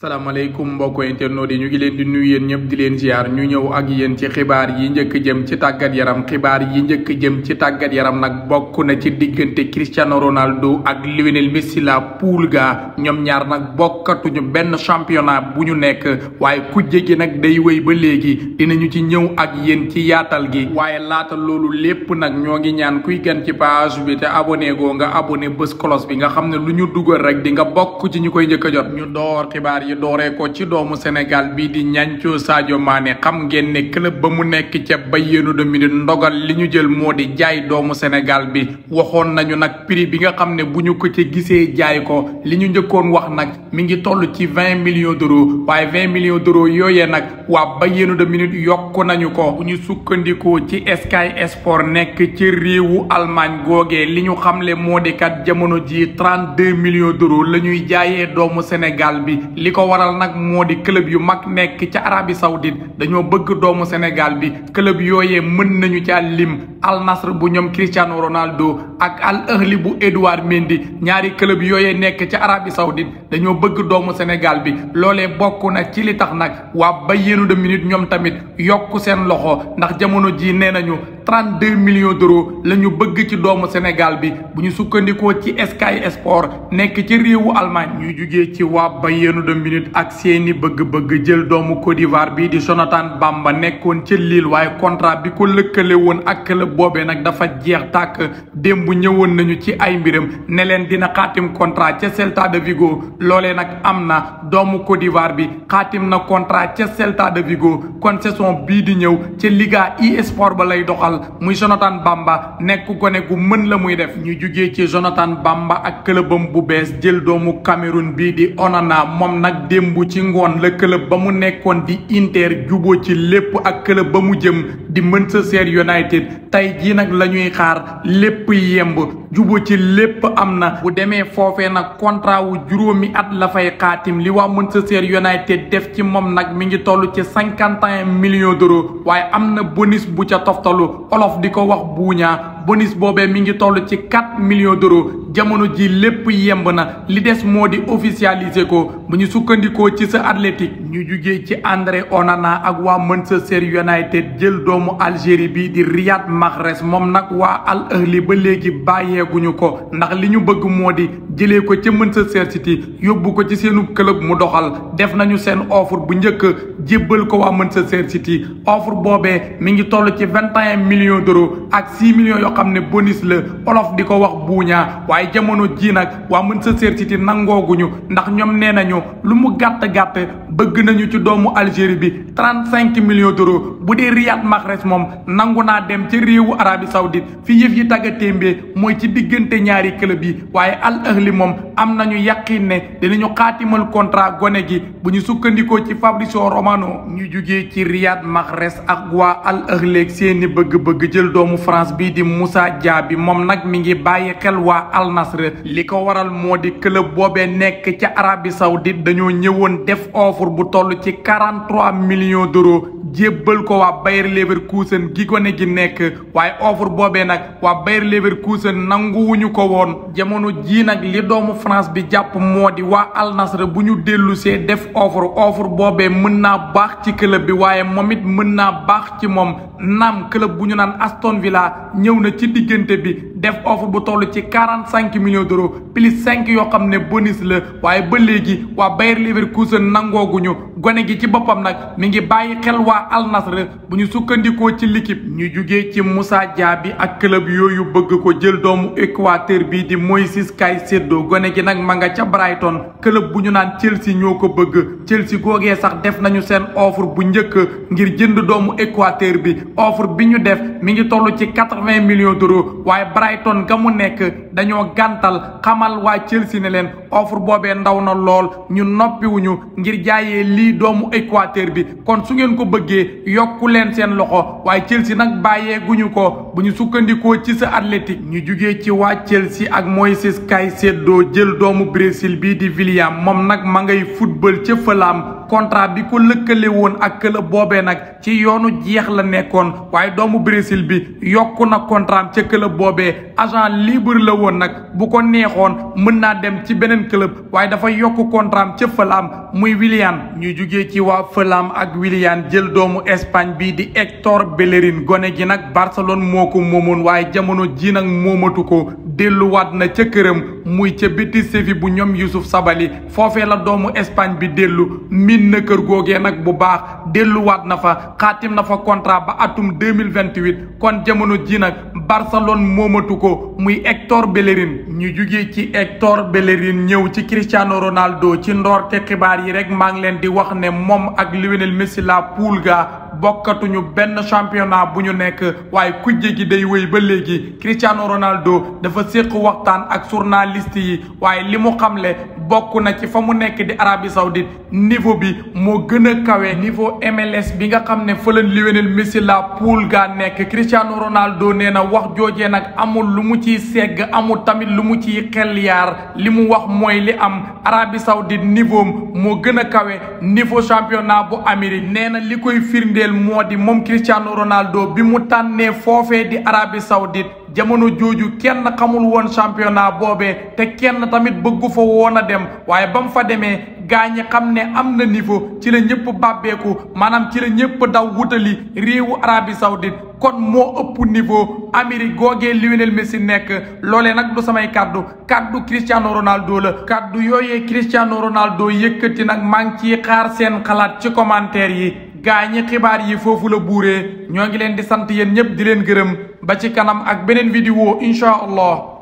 salaamaaleykum mbokk internautes yi ñu ngi leen di nuyu yéen ñëpp di leen ziar ñu ñëw ak yéen ci xibaar yi njëkk jëm ci tàggat yaram xibaar yi njëkk jëm ci tàggat yaram nag bokk na ci diggante Cristiano Ronaldo ak Lionel Messi la poule ga ñoom ñaar nag bokkatuñu benn championnat bu ñu nekk waaye kujje gi nag day wéy ba léegi dinañu ci ñëw ak yéen ci yaatal gi waaye laata loolu lépp nag ñoo ngi ñaan kuy gan ci page bi te abonné goo nga abonné bés cloche bi nga xam ne lu ñu dugal rek di nga bokk ci ñu koy njëkk a jot ñu door xibaar yi dooree ko ci doomu Sénégal bii di ñancoo Sadio Mané xam ngeen ne club ba mu nekk ca Bayern de Munich ndogal li ñu jël moo di jaay doomu Sénégal bi waxoon nañu nag prix bi nga xam ne bu ñu ko ci gisee jaay ko li ñu njëkkoon wax nag mi ngi toll ci vingt millions d'euros waaye vingt millions d'euros yooyee nag waa Bayern de Munich yokk nañu ko bu ñu sukkandikoo ci Sky esport nekk ci réewu Allemagne googee li ñu xam xamle moo di kat jamono ji trente deux millions d'euros la ñuy jaayee doomu Sénégal bi ko waral nag moo di club yu mag nekk ca Arabie Saoudite dañoo bëgg doomu Sénégal bi club yooyee mën nañu ca lim Al Nassr bu ñoom Cristiano Ronaldo ak Al Ahli bu Edouard Mendy ñaari club yooye nekk ci arabi Saoudite dañoo bëgg doomu Sénégal bi loole bokk na ci li tax nag ba Bayern de Munich ñoom tamit yokk seen loxo ndax jamono jii nee nañu 32 millions d'euros la ñu bëgg ci doomu Sénégal bi bu ñu sukkandikoo ci Sky Sport nekk ci réewu Allemagne ñu jugee ci ba Bayern de Munich ak seeni bëgg-bëgg jël doomu Côte d'Ivoire bi di Jonathan Bamba nekkoon ci Lille waaye contrat bi ko lëkkale woon ak club boobee nag dafa jeex tàkk démb ñëwoon nañu ci ay mbiram ne leen dina xaatim contrat ca Celta de Vigo loolee nag am na doomu Côte bi xaatim na contrat ca Celta de Vigo kon saison bii di ñëw ca Liga e-sport ba lay doxal muy Jonathan Bamba nekk gone gu mën la muy def ñu jugee ci Jonathan Bamba ak këlëbam bu bees jël doomu Cameroun bii di Onana moom nag démb ci ngoon la këlëb ba mu nekkoon di Inter juboo ci lépp ak këlëb ba mu jëm di Manchester United tey jii nag la ñuy xaar lépp yemb jubo ci lépp am na bu demee foofee nag contrat wu juróomi at la fay xaatim li waa Manchester United def ci moom nag mi ngi toll ci cinquante et un millions waaye am na bonus bu ca toftalu olof di ko wax buuñaa bonus boobee mi ngi toll ci quatre millions d'euros jamono ji lépp yemb na li des moo di officialiser ko bu ñu sukkandikoo ci sa Athletic ñu jugee ci André Onana ak waa Manchester United jël doomu Algérie bi di Riyad Mahrez moom nag waa Al Ahli ba léegi bàyyeeguñu ko ndax li ñu bëgg moo di jëlee ko ca Manchester City yóbbu ko ci seenu club mu doxal def nañu seen offre bu njëkk jébbal ko waa Manchester City offre boobee mi ngi toll ci vingt et un millions ak six million yoo xam ne bonis la olof di ko wax buuñaa waaye jamono jii nag waa Manchester City nangooguñu ndax ñoom nee nañu lu mu gàtt-gàtt bëgg nañu ci doomu Algérie bi trente cinq millions d'euros bu dee Riyad Mahrez moom nangu naa dem ca réewu Arabie Saoudite fi yëf yi tagga témbee mooy ci diggante ñaari club yi waaye Al Ahli moom am nañu yàqin ne dinañu xaatimal contrat gone gi bu ñu sukkandikoo ci Fabrizio Romano ñu jugee ci Riyad Mahrez ak waa Al Ahli ak seeni bëgg-bëgg jël doomu France bii di musa Dia bi moom nag mi Al Nassr li ko waral moo di club boobe nekk ca Arabie Saoudite dañoo ñëwoon def offre bu toll ci quarante trois millions d'euros jébbal ko waa Bayer Leverkusen gi gone gi nekk waaye offre boobee nag waa Bayer Leverkusen nanguwuñu ko woon jamono jii nag li doomu France bi jàpp moo di waa Al bu ñu dellu see def offre offre boobe mën naa baax ci club bi waaye moom it mën naa baax ci moom naam club bu ñu naan Aston Villa ñëw na ci diggante bi def offre bu toll ci quarante cinq millions d'euros plus cinq yoo xam ne bonis la waaye ba léegi waa Bayer Leverkusen nangooguñu gone gi ci boppam nag mi ngi bàyyi xel waa Al bu ñu sukkandikoo ci l'équipe ñu jugee ci Moussa Diaby ak club yooyu bëgg ko jël doomu Équateur bii di Moïse Caicedo gone gi nag ma nga ca Brighton club bu ñu naan Chelsea ñoo ko bëgg Chelsea googee sax def nañu seen offre bu njëkk ngir jënd doomu Équateur bi offre bi ñu def mi ngi toll ci quatre-vingts millions d'euros waaye Brighton ga mu nekk dañoo gantal xamal waa Chelsea ne leen offre boobe ndaw na lool ñu noppiwuñu ngir jaayee lii doomu Équateur bi kon su ngeen ko bëggee yokku leen seen loxo waaye Chelsea nag bàyyee guñu ko bu ñu sukkandikoo ci sa Athletic ñu jugee ci waa Chelsea ak Moises Caicedo jël doomu Brésil bii di William moom nag ma ngay futbal ca Fulham contrat bi ko lëkkale woon ak club boobee nag ci yoonu jeex la nekkoon waaye doomu Brésil bi yokku na contrat ca club boobee agent libre la woon nag bu ko neexoon mën beneen club waaye dafa yokk contraam ca Fulham muy Willian ñu jugee ci waa Fulham ak Willian jël doomu Espagne bi di Hector Bellerin gone gi nag Barcelone moo ko moomoon waaye jamono ji nag moomatu ko delluwaat na ca këram muy ca Betis Séville bu ñoom Youssouf Sabali foofee la doomu Espagne bi dellu miin na kër googee nag bu baax delluwaat na fa xaatim na fa contrat ba atum 2028 kon jamono ji Barcelone moomatu ko muy Hector Bellerin ñu jugee ci Hector Bellerin ñëw ci Cristiano Ronaldo ci ndoorte xibaar yi rek maa ngi leen di wax ne moom ak Lionel Messi la poule bokkatuñu benn championnat bu ñu nekk waaye kujje gi day woy ba léegi Cristiano Ronaldo dafa séq waxtaan ak journaliste yi waaye li mu xamle bokk na ci fa mu nekk di Arabie Saoudite niveau bi moo gën a kawe niveau MLS bi nga xam ne fële li Messi la poule ga nekk Cristiano Ronaldo nee na wax joojee nag amul lu mu ciy segg amul tamit lu mu ci xel yaar li mu wax mooy li am Arabie Saoudite niveau moo gën a kawe niveau championnat bu Amérique nee na li koy firndeel moo di moom Cristiano Ronaldo bi mu tànnee foofee di Arabie Saoudite jamono jooju kenn xamul woon championnat boobee te kenn tamit bëggu fa woon a dem waaye ba mu fa demee gaa ñi xam ne am na niveau ci la ñëpp bàbbeeku maanaam ci la ñëpp daw wutali réewu Arabie Saoudite kon moo ëpp niveau Amérique googee Lionel Messi nekk loolee nag du samay kaddu kaddu Cristiano Ronaldo la kaddu yooyee Cristiano Ronaldo yëkkati nag maa ngi ciy xaar seen xalaat ci commentaire yi gaa ñi xibaar yi foofu la buuree ñoo ngi leen di sant yéen ñëpp di leen gërëm ba ci kanam ak beneen vidéo incha allah